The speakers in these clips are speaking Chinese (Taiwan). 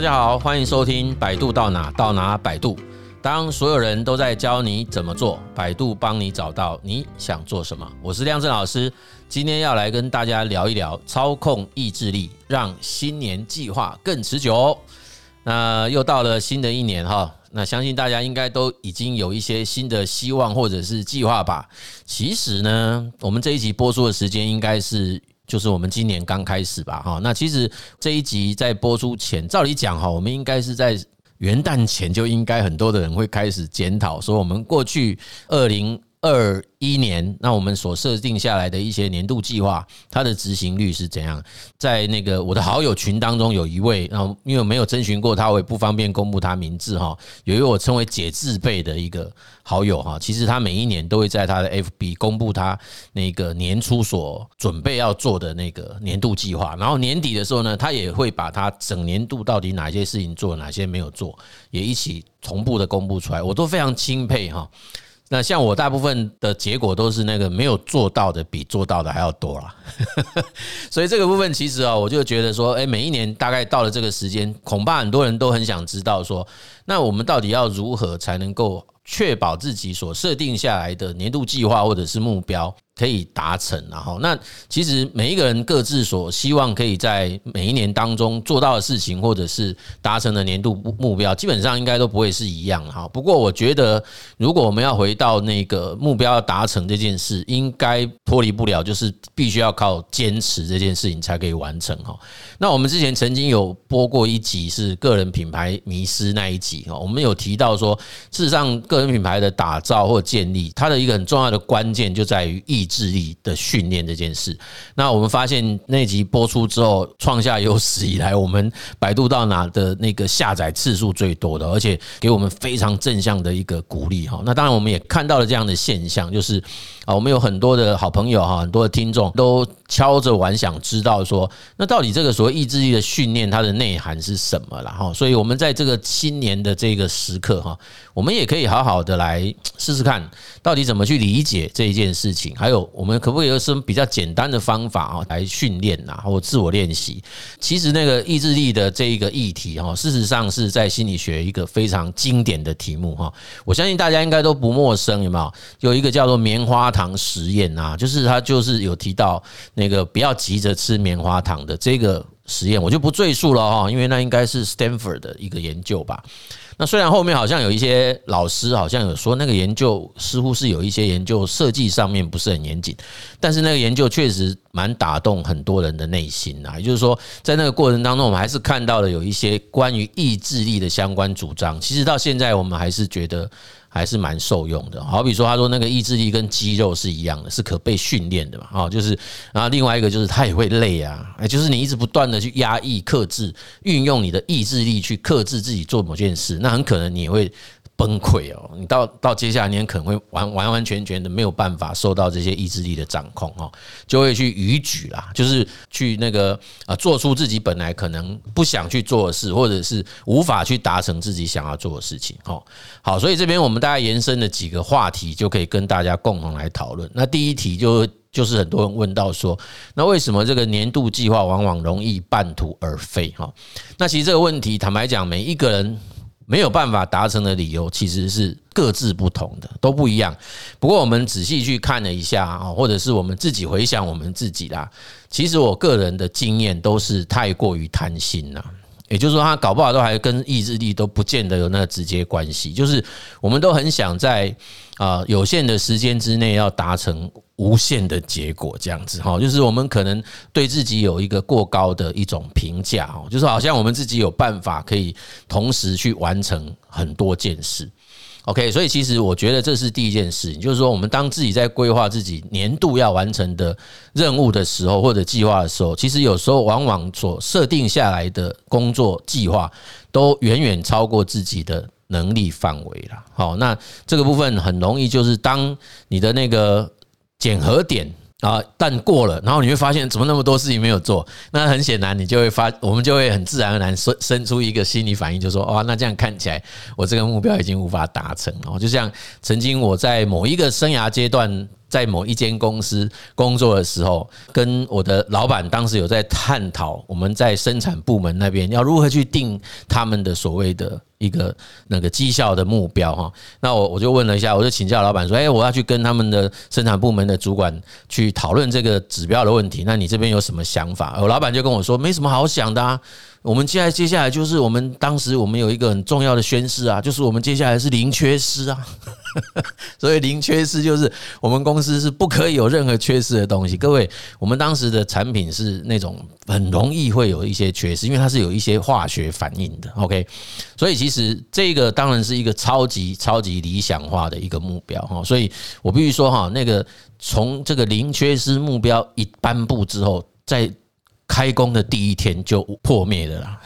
大家好，歡迎收聽《百度到哪到哪百度》。當所有人都在教你怎麼做，百度幫你找到你想做什麼。我是亮正老師，今天要來跟大家聊一聊操控意志力，讓新年計劃更持久。那又到了新的一年哈，那相信大家應該都已經有一些新的希望或者是計劃吧？其實呢，我們這一集播出的時間應該是。就是我們今年剛開始吧，哈，那其實這一集在播出前，照理講哈，我們應該是在元旦前就應該很多的人會開始檢討，說我們過去二零。二一年，那我們所設定下來的一些年度計劃，它的執行率是怎樣？在那個我的好友群當中，有一位，然後因為我沒有徵詢過他，我也不方便公布他名字哈。有一位我稱為“解字輩”的一個好友哈，其實他每一年都會在他的 FB 公布他那個年初所準備要做的那個年度計劃，然後年底的時候呢，他也會把他整年度到底哪些事情做，哪些沒有做，也一起同步的公布出來，我都非常欽佩哈。那像我大部分的結果都是那個沒有做到的，比做到的還要多啦。 所以這個部分其實啊，我就覺得說，哎，每一年大概到了這個時間，恐怕很多人都很想知道說，那我們到底要如何才能夠？確保自己所設定下來的年度計劃或者是目標可以達成，然後，那其實每一個人各自所希望可以在每一年當中做到的事情，或者是達成的年度目標，基本上應該都不會是一樣的哈。不過我覺得，如果我們要回到那個目標要達成這件事，應該脫離不了，就是必須要靠堅持這件事情才可以完成哈。那我們之前曾經有播過一集是個人品牌迷思那一集哈，我們有提到說，事實上個。跟品牌的打造或建立，它的一個很重要的關鍵就在於意志力的訓練這件事。那我們發現那集播出之後，創下有史以來我們百度到哪的那個下載次數最多的，而且給我們非常正向的一個鼓勵哈。那當然我們也看到了這樣的現象，就是啊，我們有很多的好朋友哈，很多的聽眾都。敲着玩，想知道說，那到底這個所謂意志力的訓練，它的內涵是什麼了哈？所以，我們在這個新年的這個時刻哈，我們也可以好好的來試試看，到底怎麼去理解這一件事情。還有，我們可不可以有什麼比較簡單的方法啊，來訓練吶，或自我練習？其實，那個意志力的這一個議題哈，事實上是在心理學一個非常經典的題目哈。我相信大家應該都不陌生，有沒有？有一個叫做棉花糖實驗啊，就是他就是有提到。那個不要急着吃棉花糖的這個實驗，我就不贅述了哈，因為那應該是 Stanford 的一個研究吧。那雖然後面好像有一些老師好像有說，那個研究似乎是有一些研究設計上面不是很嚴謹，但是那個研究確實蠻打動很多人的內心啊。也就是說，在那個過程當中，我們還是看到了有一些關於意志力的相關主張。其實到現在，我們還是覺得。還是蠻受用的，好比說，他說那個意志力跟肌肉是一樣的，是可被訓練的嘛？啊，就是然後另外一個就是他也會累啊，哎，就是你一直不斷的去壓抑、克制、運用你的意志力去克制自己做某件事，那很可能你也會。崩潰哦！你到到，接下來，你可能會完完完全全的沒有辦法受到這些意志力的掌控哦、喔，就會去逾矩啦，就是去那個啊，做出自己本來可能不想去做的事，或者是無法去達成自己想要做的事情哦、喔。好，所以這邊我們大家延伸了幾個話題，就可以跟大家共同來討論。那第一題就就是很多人問到說，那為什麼這個年度計劃往往容易半途而廢？哈，那其實這個問題坦白講，每一個人。沒有辦法達成的理由，其實是各自不同的，都不一樣。不過我們仔細去看了一下啊，或者是我們自己回想我們自己啦，其實我個人的經驗都是太過於貪心了。也就是說，他搞不好都還跟意志力都不見得有那個直接關係。就是我們都很想在啊有限的時間之內要達成無限的結果，這樣子哈。就是我們可能對自己有一個過高的一種評價哦，就是好像我們自己有辦法可以同時去完成很多件事。OK，所以其實我覺得這是第一件事情，就是說，我們當自己在規劃自己年度要完成的任務的時候，或者計劃的時候，其實有時候往往所設定下來的工作計劃都遠遠超過自己的能力範圍了。好，那這個部分很容易就是當你的那個檢核點。啊，但過了，然後你會發現怎麼那麼多事情沒有做？那很顯然，你就會發，我們就會很自然而然生生出一個心理反應，就說：哇，那這樣看起來，我這個目標已經無法達成哦，就像曾經我在某一個生涯階段。在某一間公司工作的時候，跟我的老板當時有在探討我們在生產部門那邊要如何去定他們的所謂的一個那個績效的目標哈。那我我就問了一下，我就請教老板說：“哎，我要去跟他們的生產部門的主管去討論這個指標的問題。那你這邊有什麼想法？”我老板就跟我說：“沒什麼好想的啊。我們現在接下來就是我們當時我們有一個很重要的宣誓啊，就是我們接下來是零缺失啊。” 所以零缺失就是我們公司是不可以有任何缺失的東西。各位，我們當時的產品是那種很容易會有一些缺失，因為它是有一些化學反應的。OK，所以其實這個當然是一個超級超級理想化的一個目標哈。所以我必須說哈，那個從這個零缺失目標一頒布之後，在。開工的第一天就破滅了啦，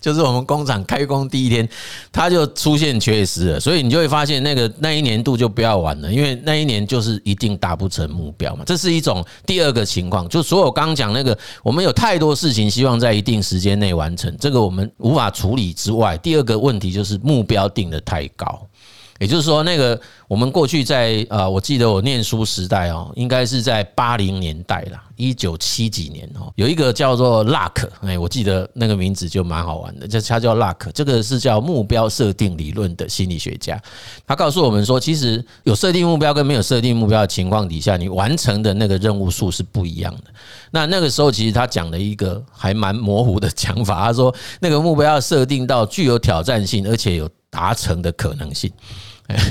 就是我們工廠開工第一天，它就出現缺失了，所以你就會發現那個那一年度就不要玩了，因為那一年就是一定達不成目標嘛。這是一種。第二個情況，就所有剛講那個，我們有太多事情希望在一定時間內完成，這個我們無法處理之外，第二個問題就是目標定得太高，也就是說那個我們過去在啊，我記得我唸書時代哦，應該是在八零年代啦。一九七幾年哦，有一個叫做 Luck，哎，我記得那個名字就蠻好玩的，叫他叫 Luck，這個是叫目標設定理論的心理學家，他告訴我們說，其實有設定目標跟沒有設定目標的情況底下，你完成的那個任務數是不一樣的。那那個時候其實他講了一個還蠻模糊的講法，他說那個目標要設定到具有挑戰性，而且有達成的可能性。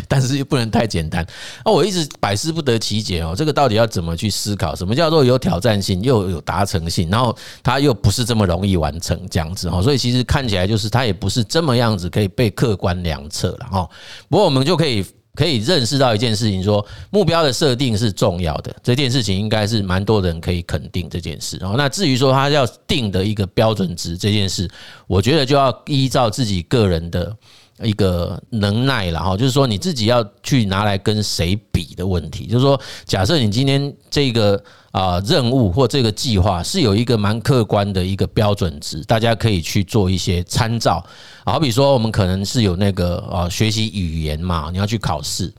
但是又不能太簡單。那我一直百思不得其解哦，這個到底要怎麼去思考？什麼叫做有挑戰性又有達成性？然後它又不是這麼容易完成這樣子哦。所以其實看起來就是它也不是這麼樣子可以被客觀量測了哦。不過我們就可以可以認識到一件事情，說目標的設定是重要的。這件事情應該是蠻多人可以肯定這件事哦。那至於說他要定的一個標準值這件事，我覺得就要依照自己個人的。一個能耐了哈，就是說你自己要去拿來跟誰比的問題。就是說，假設你今天這個啊任務或這個計劃是有一個蠻客觀的一個標準值，大家可以去做一些參照。好比說，我們可能是有那個啊學習語言嘛，你要去考試，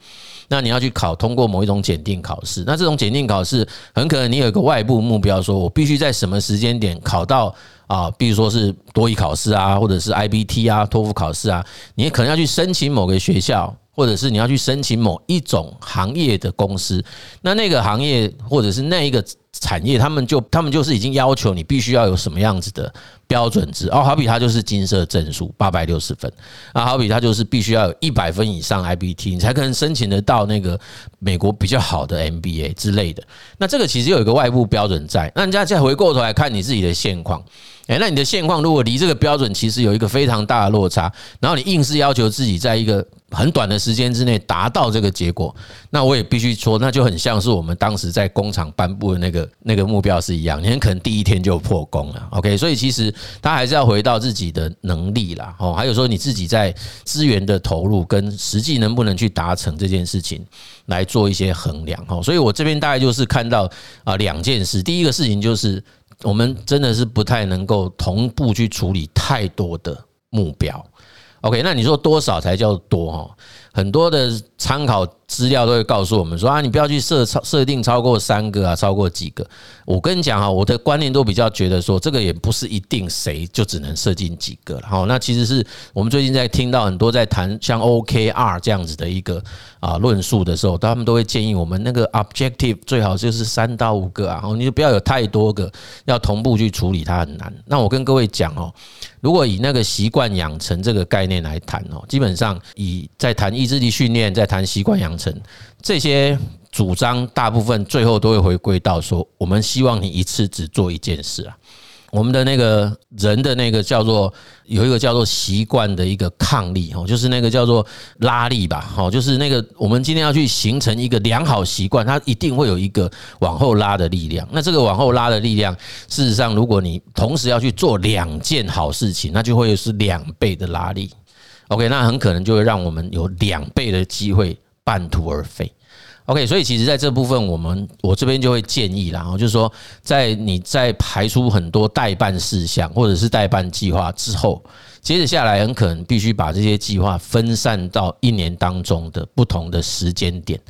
那你要去考通過某一種檢定考試。那這種檢定考試，很可能你有一個外部目標，說我必須在什麼時間點考到。啊，比如說是多益考試啊，或者是 I B T 啊、托福考試啊，你也可能要去申請某個學校，或者是你要去申請某一種行業的公司，那那個行業或者是那一個。產業他們就，他們就是已經要求你必須要有什麼樣子的標準值哦，好比它就是金色證書八百六十分啊，好比它就是必須要有一百分以上 I B T 你才可能申請得到那個美國比較好的 M B A 之類的。那這個其實有一個外部標準在，那人家再回過頭來看你自己的現況，誒。那你的現況如果離這個標準其實有一個非常大的落差，然後你硬是要求自己在一個。很短的時間之內達到這個結果，那我也必須說，那就很像是我們當時在工廠頒佈的那個那個目標是一樣，你很可能第一天就破功了。OK，所以其實他還是要回到自己的能力啦，哦，還有說你自己在資源的投入跟實際能不能去達成這件事情來做一些衡量哈。所以我這邊大概就是看到啊兩件事，第一個事情就是我們真的是不太能夠同步去處理太多的目標。OK，那你說多少才叫多哈？很多的參考資料都會告訴我們說啊，你不要去設設定超過三個啊，超過幾個。我跟你講哈，我的觀念都比較覺得說，這個也不是一定誰就只能設定幾個了。好，那其實是我們最近在聽到很多在談像 OKR 這樣子的一個啊論述的時候，他們都會建議我們那個 objective 最好就是三到五個啊，你就不要有太多個要同步去處理它很難。那我跟各位講哦，如果以那個習慣養成這個概念來談哦，基本上以在談意志力訓練，在談習慣養。成這些主張，大部分最後都會回歸到說：我們希望你一次只做一件事啊。我們的那個人的那個叫做有一個叫做習慣的一個抗力哦，就是那個叫做拉力吧，哦，就是那個我們今天要去形成一個良好習慣，它一定會有一個往後拉的力量。那這個往後拉的力量，事實上，如果你同時要去做兩件好事情，那就會是兩倍的拉力。OK，那很可能就會讓我們有兩倍的機會。半途而廢，OK，所以其實在這部分，我們我這邊就會建議，然後就是說，在你在排出很多待辦事項或者是待辦計劃之後，接着下來很可能必須把這些計劃分散到一年當中的不同的時間點。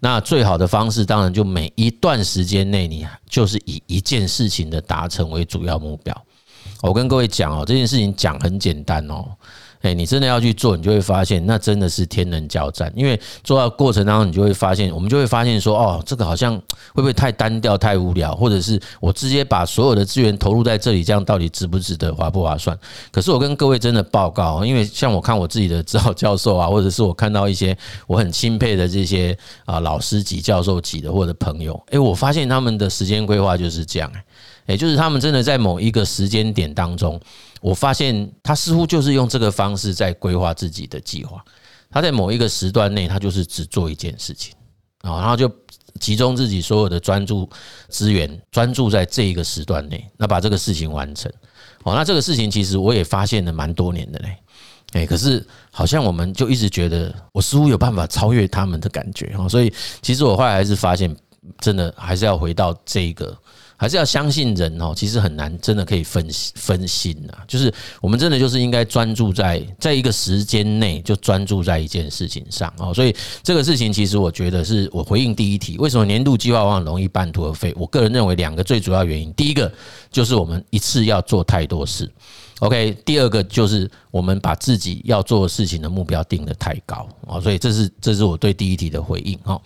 那最好的方式當然就每一段時間內，你就是以一件事情的達成為主要目標。我跟各位講哦，這件事情講很簡單哦。誒，欸、你真的要去做，你就會發現那真的是天人交戰。因為做到過程當中，你就會發現，我們就會發現說，哦，這個好像會不會太單調、太無聊，或者是我直接把所有的資源投入在這裡，這樣到底值不值得、划不划算？可是我跟各位真的報告，因為像我看我自己的指導教授啊，或者是我看到一些我很欽佩的這些啊老師級、教授級的或者朋友，誒，我發現他們的時間規劃就是這樣，誒，就是他們真的在某一個時間點當中。我發現他似乎就是用這個方式在規劃自己的計劃。他在某一個時段內，他就是只做一件事情，然後就集中自己所有的專注資源，專注在這一個時段內，那把這個事情完成。哦，那這個事情其實我也發現了蠻多年的嘞，誒，可是好像我們就一直覺得我似乎有辦法超越他們的感覺啊，所以其實我後來還是發現，真的還是要回到這一個。還是要相信人哦，其實很難，真的可以分分心啊。就是我們真的就是應該專注在在一個時間內，就專注在一件事情上哦。所以這個事情，其實我覺得是我回應第一題：為什麼年度計劃往往容易半途而廢？我個人認為兩個最主要原因，第一個就是我們一次要做太多事，OK；第二個就是我們把自己要做的事情的目標定得太高哦。所以這是這是我對第一題的回應哦。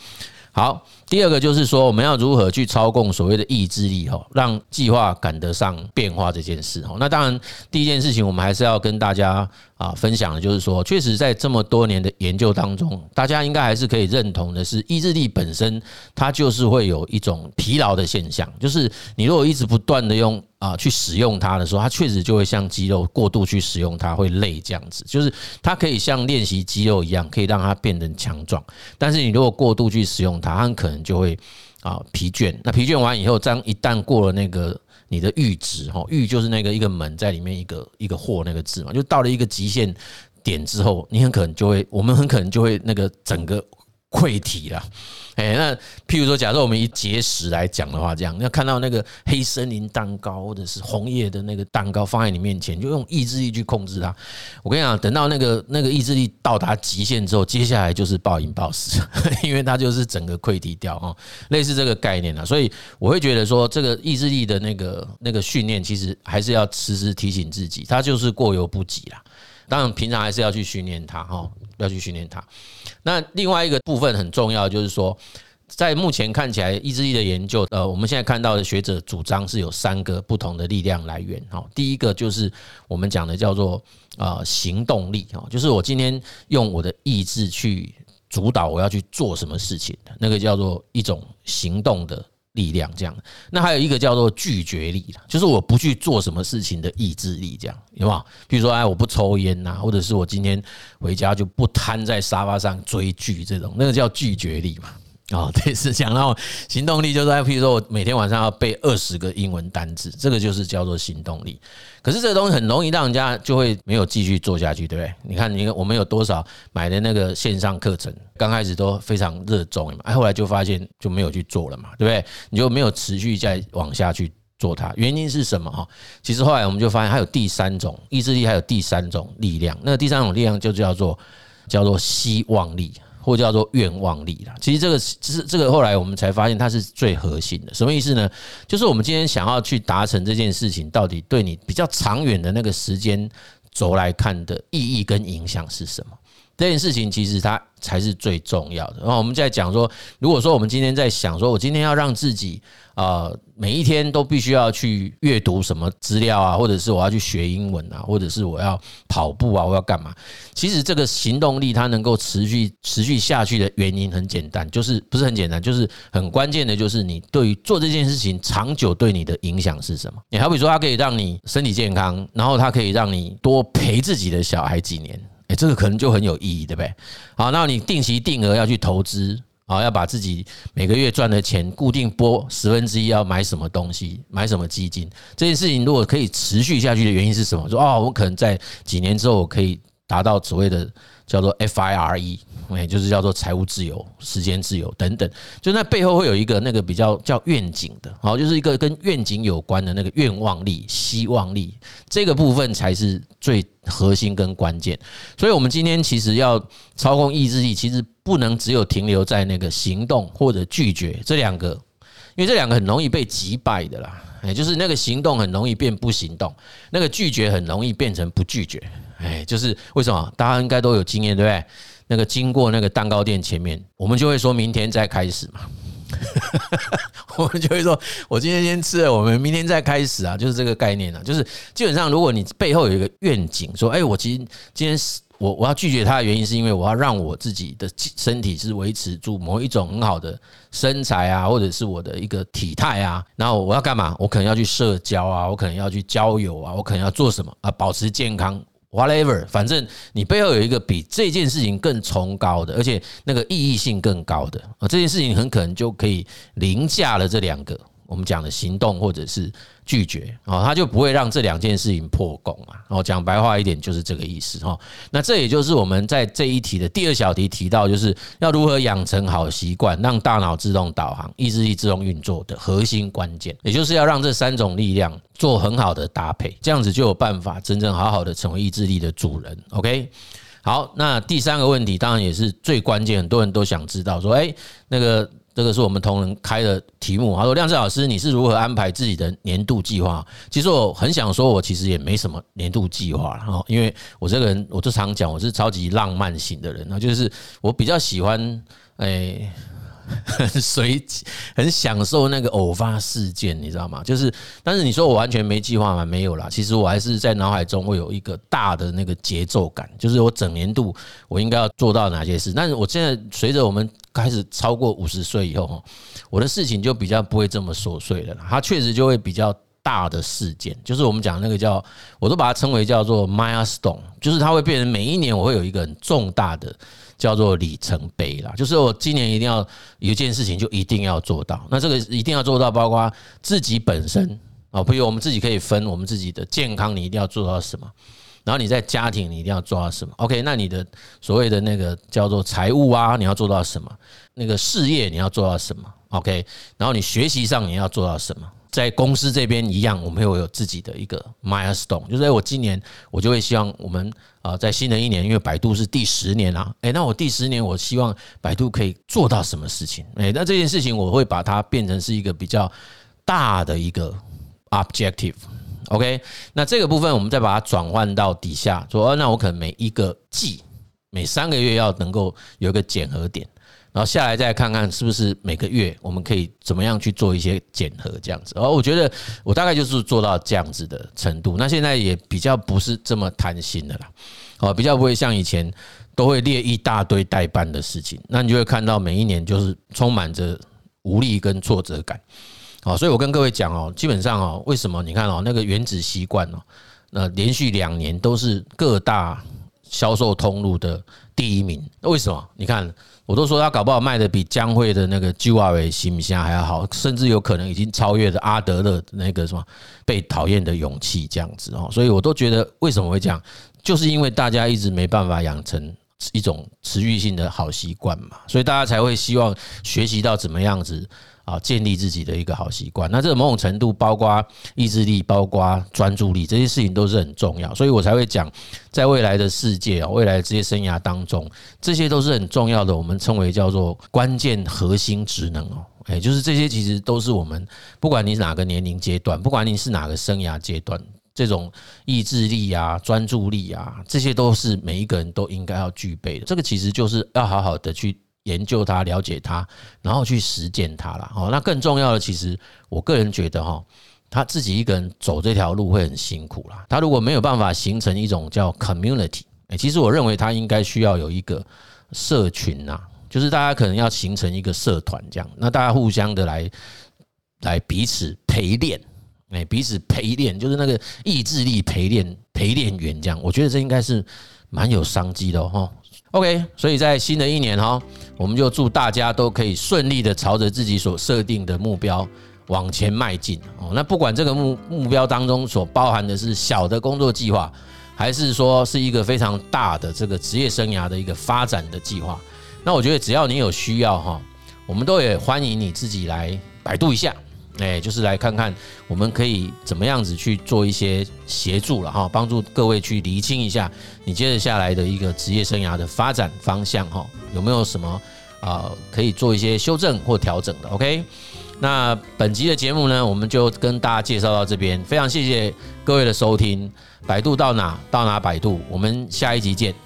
好，第二個就是說，我們要如何去操控所謂的意志力，哈，讓計劃趕得上變化這件事，哦，那當然，第一件事情我們還是要跟大家啊分享的，就是說，確實在這麼多年的研究當中，大家應該還是可以認同的是，意志力本身它就是會有一種疲勞的現象，就是你如果一直不斷地用。啊，去使用它的時候，它確實就會像肌肉過度去使用它會累這樣子，就是它可以像練習肌肉一樣，可以讓它變得強壯。但是你如果過度去使用它，它很可能就會啊疲倦。那疲倦完以後，這樣一旦過了那個你的閾值哈，閾就是那個一個門在裡面一個一個或那個字嘛，就到了一個極限點之後，你很可能就會，我們很可能就會那個整個。潰堤了，哎，那譬如說，假如說我們以節食來講的話，這樣你要看到那個黑森林蛋糕或者是紅葉的那個蛋糕放在你面前，就用意志力去控制它。我跟你講，等到那個那個意志力到達極限之後，接下來就是暴飲暴食，因為它就是整個潰堤掉哈，類似這個概念啊。所以我會覺得說，這個意志力的那個那個訓練，其實還是要時時提醒自己，它就是過猶不及啦。當然，平常還是要去訓練它哈。要去訓練它。那另外一個部分很重要，就是說，在目前看起來，意志力的研究，呃，我們現在看到的學者主張是有三個不同的力量來源。好，第一個就是我們講的叫做啊行動力，哈，就是我今天用我的意志去主導我要去做什麼事情，那個叫做一種行動的。力量這樣，那還有一個叫做拒絕力，就是我不去做什麼事情的意志力，這樣有沒有？比如說，哎，我不抽菸吶，或者是我今天回家就不癱在沙發上追劇，這種那個叫拒絕力嘛。哦，對，是講到行動力，就是，譬如說我每天晚上要背二十個英文單字，這個就是叫做行動力。可是這個東西很容易讓人家就會沒有繼續做下去，對不對？你看，你看我們有多少買的那個線上課程，剛開始都非常熱衷嘛，哎，後來就發現就沒有去做了嘛，對不對？你就沒有持續再往下去做它，原因是什麼？哈，其實後來我們就發現，它有第三種意志力，還有第三種力量。那個第三種力量就叫做叫做希望力。或叫做願望力啦，其實這個是這個後來我們才發現它是最核心的。什麼意思呢？就是我們今天想要去達成這件事情，到底對你比較長遠的那個時間軸來看的意義跟影響是什麼？這件事情其實它才是最重要的。然後我們在講說，如果說我們今天在想說，我今天要讓自己啊、呃，每一天都必須要去閱讀什麼資料啊，或者是我要去學英文啊，或者是我要跑步啊，我要幹嘛？其實這個行動力它能夠持續持續下去的原因很簡單，就是不是很簡單，就是很關鍵的就是你對於做這件事情長久對你的影響是什麼？你好比說它可以讓你身體健康，然後它可以讓你多陪自己的小孩幾年。欸、這個可能就很有意義，對不對？好，那你定期定額要去投資啊，要把自己每個月賺的錢固定撥十分之一，要買什麼東西，買什麼基金？這件事情如果可以持續下去的原因是什麼？說哦，我可能在幾年之後我可以，達到所謂的叫做 FIRE，也就是叫做財務自由、時間自由等等，就那背後會有一個那個比較叫願景的，好，就是一個跟願景有關的那個願望力、希望力，這個部分才是最核心跟關鍵。所以我們今天其實要操控意志力，其實不能只有停留在那個行動或者拒絕這兩個，因為這兩個很容易被擊敗的啦，也就是那個行動很容易變不行動，那個拒絕很容易變成不拒絕。哎，唉，就是為什麼大家應該都有經驗，對不對？那個經過那個蛋糕店前面，我們就會說明天再開始嘛。 我們就會說，我今天先吃了，我們明天再開始啊，就是這個概念啊。就是基本上，如果你背後有一個願景，說，哎，我其實今天我我要拒絕它的原因，是因為我要讓我自己的身體是維持住某一種很好的身材啊，或者是我的一個體態啊。然後我要幹嘛？我可能要去社交啊，我可能要去交友啊，我可能要做什麼啊？保持健康。Whatever，反正你背後有一個比這件事情更崇高的，而且那個意義性更高的啊，這件事情很可能就可以凌駕了這兩個。我們講的行動或者是拒絕啊，他就不會讓這兩件事情破功嘛哦，講白話一點就是這個意思哈。那這也就是我們在這一題的第二小題提到，就是要如何養成好習慣，讓大腦自動導航，意志力自動運作的核心關鍵，也就是要讓這三種力量做很好的搭配，這樣子就有辦法真正好好的成為意志力的主人。OK，好，那第三個問題當然也是最關鍵，很多人都想知道說，哎，那個。這個是我們同仁開的題目。他說：“亮叔老師，你是如何安排自己的年度計劃？”其實我很想說，我其實也沒什麼年度計劃了，因為我這個人，我就常講我是超級浪漫型的人，那就是我比較喜歡誒、欸。很隨， 很享受那個偶發事件，你知道嗎？就是，但是你說我完全沒計劃嗎？沒有啦，其實我還是在腦海中會有一個大的那個節奏感，就是我整年度我應該要做到哪些事。但是我現在隨着我們開始超過五十歲以後，我的事情就比較不會這麼瑣碎了，它確實就會比較大的事件，就是我們講那個叫，我都把它稱為叫做 milestone，就是它會變成每一年我會有一個很重大的。叫做里程碑啦，就是我今年一定要有一件事情就一定要做到。那這個一定要做到，包括自己本身啊，比如我們自己可以分我們自己的健康，你一定要做到什麼；然後你在家庭，你一定要做到什麼。OK，那你的所謂的那個叫做財務啊，你要做到什麼？那個事業你要做到什麼？OK，然後你學習上你要做到什麼？在公司這邊一樣，我們會有自己的一個 milestone，就是在我今年我就會希望我們啊，在新的一年，因為百度是第十年啦，誒，那我第十年，我希望百度可以做到什麼事情？誒，那這件事情我會把它變成是一個比較大的一個 objective，OK，okay，那這個部分我們再把它轉換到底下，說，啊，那我可能每一個季。每三個月要能夠有一個檢核點，然後下來再來看看是不是每個月我們可以怎麼樣去做一些檢核這樣子。哦，我覺得我大概就是做到這樣子的程度。那現在也比較不是這麼貪心的啦，哦，比較不會像以前都會列一大堆待辦的事情。那你就會看到每一年就是充滿着無力跟挫折感。好，所以我跟各位講哦，基本上哦，為什麼你看哦，那個原子習慣哦，那連續兩年都是各大，銷售通路的第一名，那為什麼？你看，我都說他搞不好賣的比江蕙的那個 G U A R 西米還要好，甚至有可能已經超越了阿德勒的那個什麼被討厭的勇氣這樣子哦。所以，我都覺得為什麼會這樣，就是因為大家一直沒辦法養成一種持續性的好習慣嘛，所以大家才會希望學習到怎麼樣子。啊，建立自己的一個好習慣。那這個某種程度，包括意志力、包括專注力，這些事情都是很重要。所以我才會講，在未來的世界啊，未來職業生涯當中，這些都是很重要的。我們稱為叫做關鍵核心職能哦。誒，就是這些其實都是我們，不管你是哪個年齡階段，不管你是哪個生涯階段，這種意志力啊、專注力啊，這些都是每一個人都應該要具備的。這個其實就是要好好的去。研究他，了解他，然後去實踐他了哦。那更重要的，其實我個人覺得哈，他自己一個人走這條路會很辛苦啦。他如果沒有辦法形成一種叫 community，其實我認為他應該需要有一個社群吶、啊，就是大家可能要形成一個社團這樣，那大家互相的來來彼此陪練，哎，彼此陪練就是那個意志力陪練陪練員這樣，我覺得這應該是蠻有商機的哦。OK，所以在新的一年哈，我們就祝大家都可以順利的朝着自己所設定的目標往前邁進哦。那不管這個目目標當中所包含的是小的工作計劃，還是說是一個非常大的這個職業生涯的一個發展的計劃，那我覺得只要你有需要哈，我們都也歡迎你自己來百度一下。哎，就是來看看我們可以怎麼樣子去做一些協助了哈，幫助各位去釐清一下你接着下來的一個職業生涯的發展方向哈，有沒有什麼啊可以做一些修正或調整的？OK，那本集的節目呢，我們就跟大家介紹到這邊，非常謝謝各位的收聽。百度到哪，到哪百度，我們下一集見。